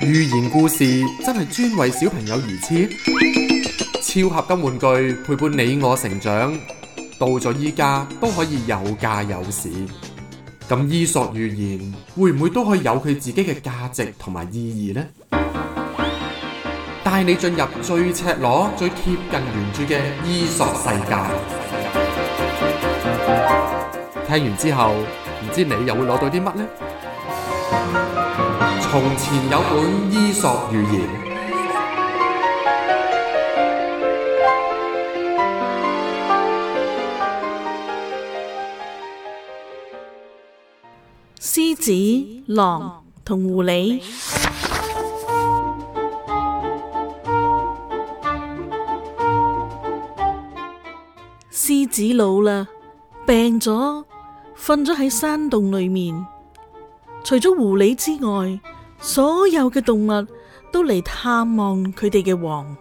寓言故事真係專為小朋友而設，超合金玩具陪伴你我成長，到咗依家都可以有價有市。咁伊索寓言會唔會都可以有佢自己嘅價值同埋意義呢？帶你進入最赤裸、最貼近原著嘅伊索世界。聽完之後，唔知你又會攞到啲乜呢？從前有本伊索寓言，獅子、狼同狐狸。獅子老啦，病咗，瞓咗喺山洞裏面，除咗狐狸之外。所有嘅動物都嚟探望佢哋嘅王。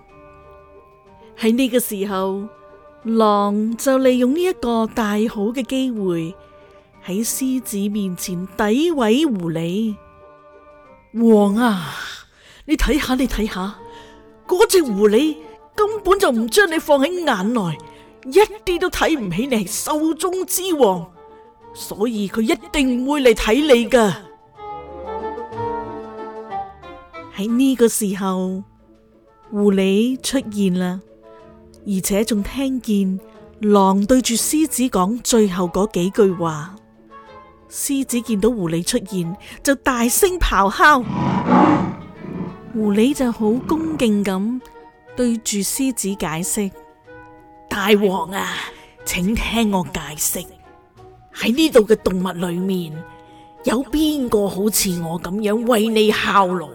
喺呢個時候，狼就利用呢一個大好嘅機會，喺獅子面前詆毀狐狸。王啊！你睇下，你睇下，嗰隻狐狸根本就唔將你放喺眼內，一啲都睇唔起你係獸中之王，所以佢一定唔會嚟睇你噶。喺呢個時候，狐狸出現啦，而且仲聽見狼對住獅子講最後嗰幾句話。獅子見到狐狸出現，就大聲咆哮。狐狸就好恭敬咁對住獅子解釋：「大王啊，請聽我解釋。」喺呢度嘅動物裏面。有邊個好似我咁樣為你效勞，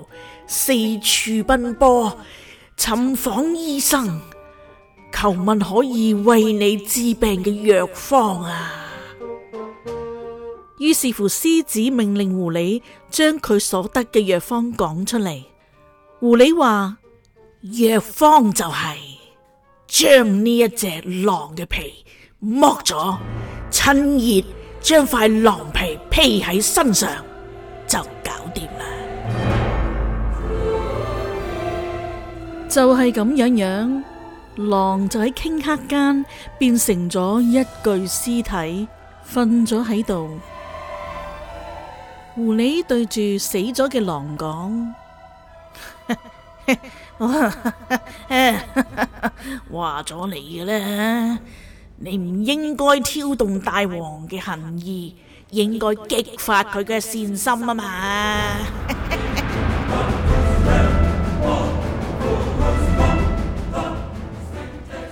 四處奔波，尋訪醫生，求問可以為你治病嘅藥方啊？於是乎，獅子命令狐狸將佢所得嘅藥方講出嚟。狐狸話：藥方就係將呢一隻狼嘅皮剝咗，趁熱將塊狼皮。披喺身上就搞掂啦，就係咁樣樣，狼就喺頃刻間變成咗一具屍體，瞓咗喺度。狐狸對住死咗嘅狼講：，話咗 你嘅啦，你唔應該挑動大王嘅恨意。應該激發佢嘅善心啊嘛！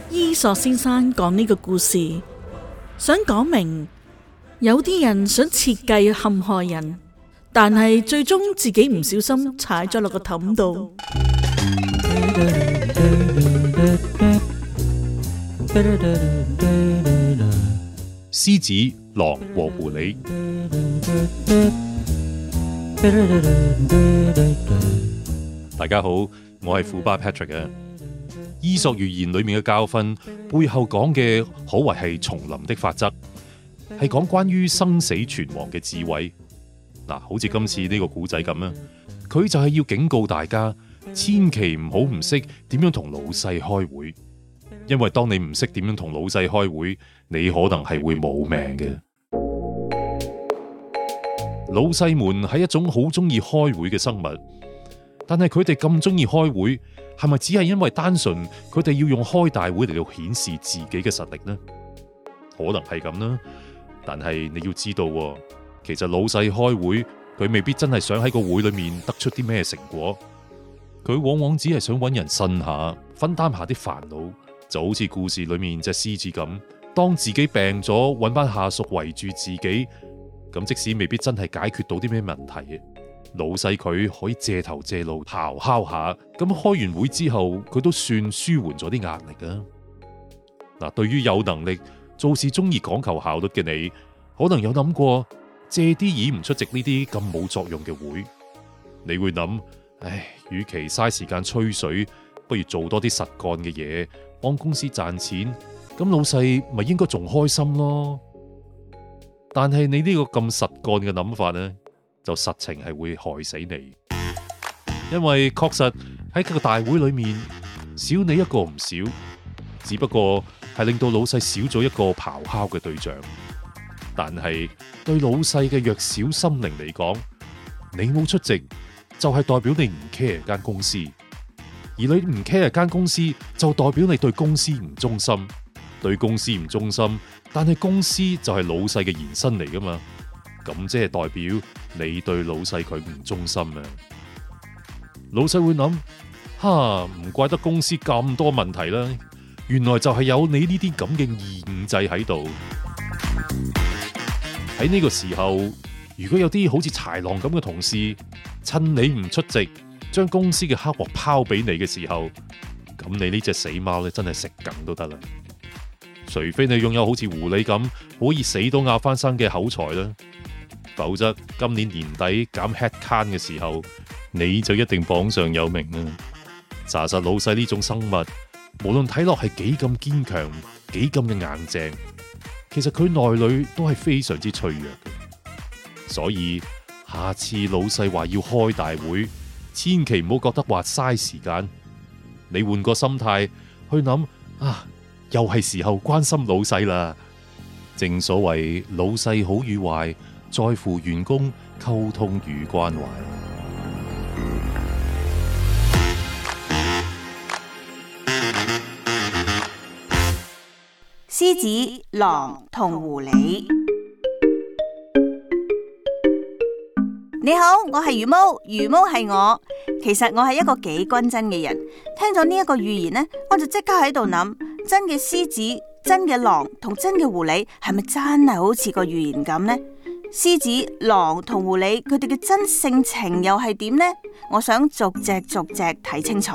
伊索先生講呢個故事，想講明有啲人想設計陷害人，但係最終自己唔小心踩咗落個凼度。獅子。狼和狐狸。大家好，我係副爸 Patrick 啊。伊索寓言裏面嘅教訓背後講嘅，可謂係叢林的法則，係講關於生死存亡嘅智慧。嗱，好似今次呢個古仔咁啦，佢就係要警告大家，千祈唔好唔識點樣同老細開會，因為當你唔識點樣同老細開會。你可能係會冇命嘅。老細們係一種好中意開會嘅生物，但係佢哋咁中意開會，係咪只係因為單純佢哋要用開大會嚟到顯示自己嘅實力呢？可能係咁啦。但係你要知道，其實老細開會，佢未必真係想喺個會裏面得出啲咩成果。佢往往只係想搵人呻下，分擔下啲煩惱，就好似故事裏面隻獅子咁。當自己病咗，揾班下屬圍住自己，咁即使未必真係解決到啲咩問題。老細佢可以借頭借路咆哮下，咁開完會之後，佢都算舒緩咗啲壓力啊。嗱，對於有能力做事中意講求效率嘅你，可能有諗過借啲意唔出席呢啲咁冇作用嘅會，你會諗，唉，與其嘥時間吹水，不如做多啲實幹嘅嘢，幫公司賺錢。咁老細咪應該仲開心咯，但係你呢個咁實幹嘅諗法咧，就實情係會害死你。因為確實喺個大會裏面少你一個唔少，只不過係令到老細少咗一個咆哮嘅對象。但係對老細嘅弱小心靈嚟講，你冇出席就係代表你唔 care 間公司，而你唔 care 間公司就代表你對公司唔忠心。對公司唔忠心，但係公司就係老細嘅延伸嚟噶嘛？咁即係代表你對老細佢唔忠心啊！老細會諗：哈，唔怪得公司咁多問題啦，原來就係有你呢啲咁嘅限制喺度。喺呢個時候，如果有啲好似豺狼咁嘅同事趁你唔出席，將公司嘅黑鍋拋俾你嘅時候，咁你呢隻死貓咧，真係食梗都得啦。除非你擁有好似狐狸咁可以死都咬翻生嘅口才啦，否則今年年底減 head count 嘅時候，你就一定榜上有名啦。查實老細呢種生物，無論睇落係幾咁堅強，幾咁嘅硬淨，其實佢內裏都係非常之脆弱嘅。所以下次老細話要開大會，千祈唔好覺得話嘥時間，你換個心態去諗啊。又係時候關心老細啦。正所謂老細好與壞，在乎員工溝通與關懷。獅子、狼同狐狸。你好，我係魚毛。魚毛係我。其實我係一個幾均真嘅人。聽咗呢一個寓言呢，我就即刻喺度諗。真嘅獅子、真嘅狼同真嘅狐狸係咪真係好似個寓言咁呢？獅子、狼同狐狸佢哋嘅真性情又係點呢？我想逐隻逐隻睇清楚。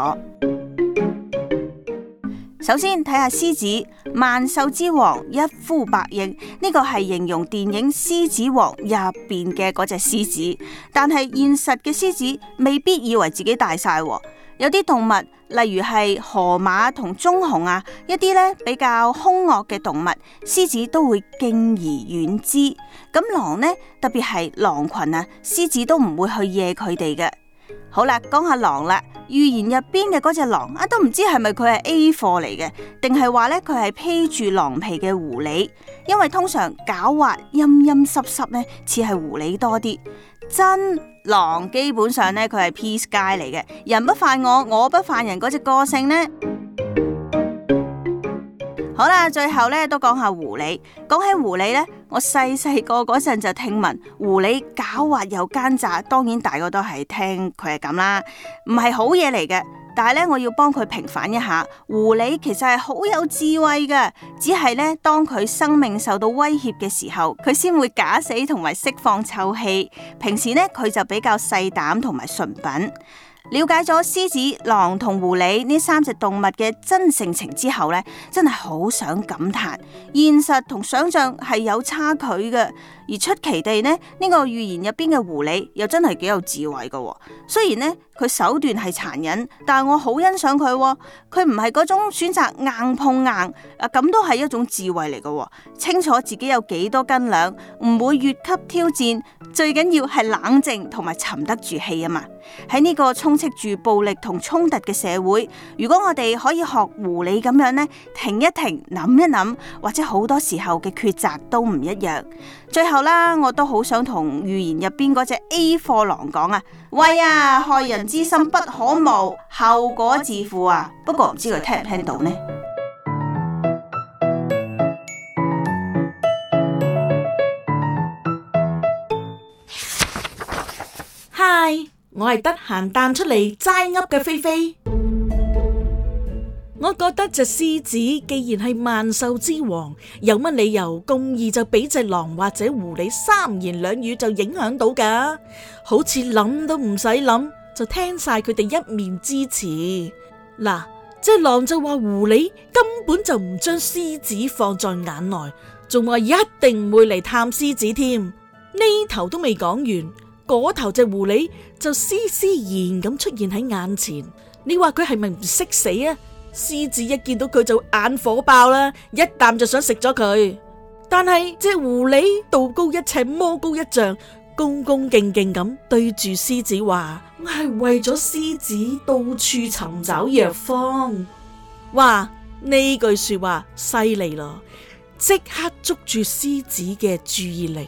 首先睇下獅子，萬獸之王，一呼百應，呢個係形容電影《獅子王》入邊嘅嗰隻獅子，但係現實嘅獅子未必以為自己大晒。有啲動物，例如係河馬同棕熊啊，一啲咧比較凶惡嘅動物，獅子都會敬而遠之。咁狼呢，特別係狼群啊，獅子都唔會去惹佢哋嘅。好啦，講下狼啦，寓言入邊嘅嗰隻狼啊，都唔知係咪佢係 A 貨嚟嘅，定係話咧佢係披住狼皮嘅狐狸？因為通常狡猾陰陰濕濕咧，似係狐狸多啲。真。狼基本上咧，佢係 peace guy 嚟嘅，人不犯我，我不犯人嗰隻個性呢。好啦，最後咧都講下狐狸。講起狐狸咧，我細細個嗰陣就聽聞狐狸狡猾又奸詐，當然大個都係聽佢係咁啦，唔係好嘢嚟嘅。但係咧，我要幫佢平反一下，狐狸其實係好有智慧㗎，只係咧，當佢生命受到威脅嘅時候，佢先會假死同埋釋放臭氣，平時咧，佢就比較細膽同埋純品。了解咗獅子、狼同狐狸呢三隻動物嘅真性情之後呢真係好想感嘆，現實同想象係有差距嘅。而出奇地咧，呢個寓言入邊嘅狐狸又真係幾有智慧嘅。雖然呢，佢手段係殘忍，但係我好欣賞佢。佢唔係嗰種選擇硬碰硬，啊咁都係一種智慧嚟嘅。清楚自己有幾多斤兩，唔會越級挑戰，最緊要係冷靜同埋沉得住氣啊嘛。喺呢個冲。斥住暴力同衝突嘅社會，如果我哋可以學狐狸咁樣呢，停一停，諗一諗，或者好多時候嘅抉擇都唔一樣。最後啦，我都好想同寓言入邊嗰隻 A 貨狼講啊，喂啊呀，害人之心不可無，可後果自負啊！不過唔知佢聽唔聽到呢？我係得閒彈出嚟，齋噏嘅菲菲，我覺得隻獅子既然係萬獸之王，有乜理由咁易就俾隻狼或者狐狸三言兩語就影響到㗎？好似諗都唔使諗，就聽晒佢哋一面之詞。嗱，隻狼就話狐狸根本就唔將獅子放在眼內，仲話一定唔會嚟探獅子添。呢頭都未講完。嗰頭隻狐狸就斯斯然咁出現喺眼前，你話佢係咪唔識死啊？獅子一見到佢就眼火爆啦，一啖就想食咗佢。但係隻狐狸道高一尺，魔高一丈，恭恭敬敬咁對住獅子話：我係為咗獅子到處尋找藥方。哇！呢句說話犀利咯，即刻捉住獅子嘅注意力。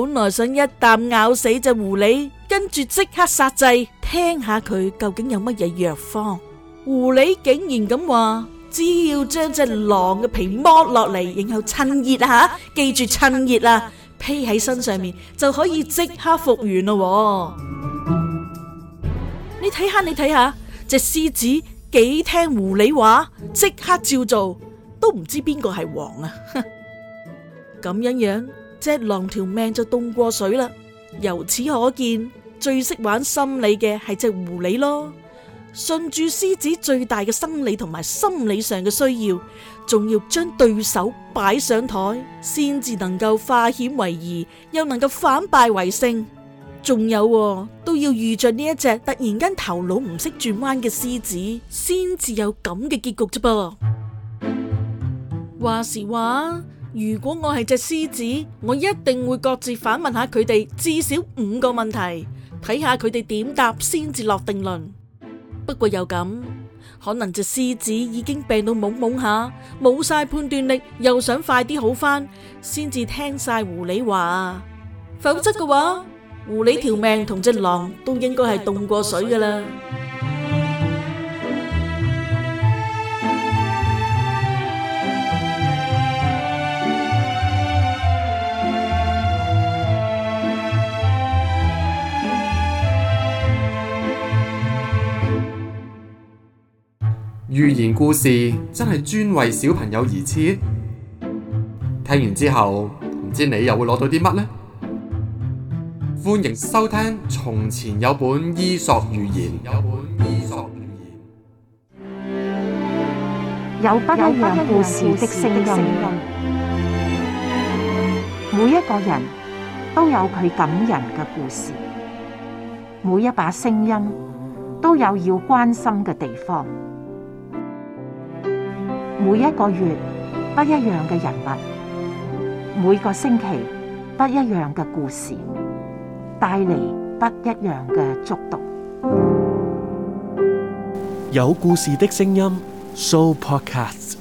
本來想一啖咬死隻狐狸，跟住即刻殺制，聽下佢究竟有乜嘢藥方。狐狸竟然咁話，只要將隻狼嘅皮剝落嚟，然後趁熱吓，記住趁熱啊，披喺身上面就可以即刻復原咯。你睇下，你睇下，隻獅子幾聽狐狸話，即刻照做，都唔知邊個係王啊！咁 樣樣。隻狼條命就凍過水啦，由此可見最識玩心理嘅係隻狐狸咯。順住獅子最大嘅生理同埋心理上嘅需要，仲要將對手擺上台，先至能夠化險為夷，又能夠反敗為勝。仲有都要遇着呢一隻突然間頭腦唔識轉彎嘅獅子，先至有咁嘅結局啫噃。話時話。如果我係隻獅子，我一定會各自反問下佢哋至少五個問題，睇下佢哋點答先至落定論。不過又咁，可能隻獅子已經病到懵懵下，冇晒判斷力，又想快啲好返，先至聽晒狐狸話。否則嘅話，狐狸條命同隻狼都應該係凍過水㗎喇。言故事真係專為小朋友而設，聽完之後唔知你又會攞到啲乜呢？歡迎收聽《從前有本伊索寓言》，有本伊索寓言，有不一樣故事的聲音。每一個人都有佢感人嘅故事，每一把聲音都有要關心嘅地方。每一個月不一樣嘅人物，每個星期不一樣嘅故事，帶嚟不一樣嘅觸動。有故事的聲音，Sooo Podcast。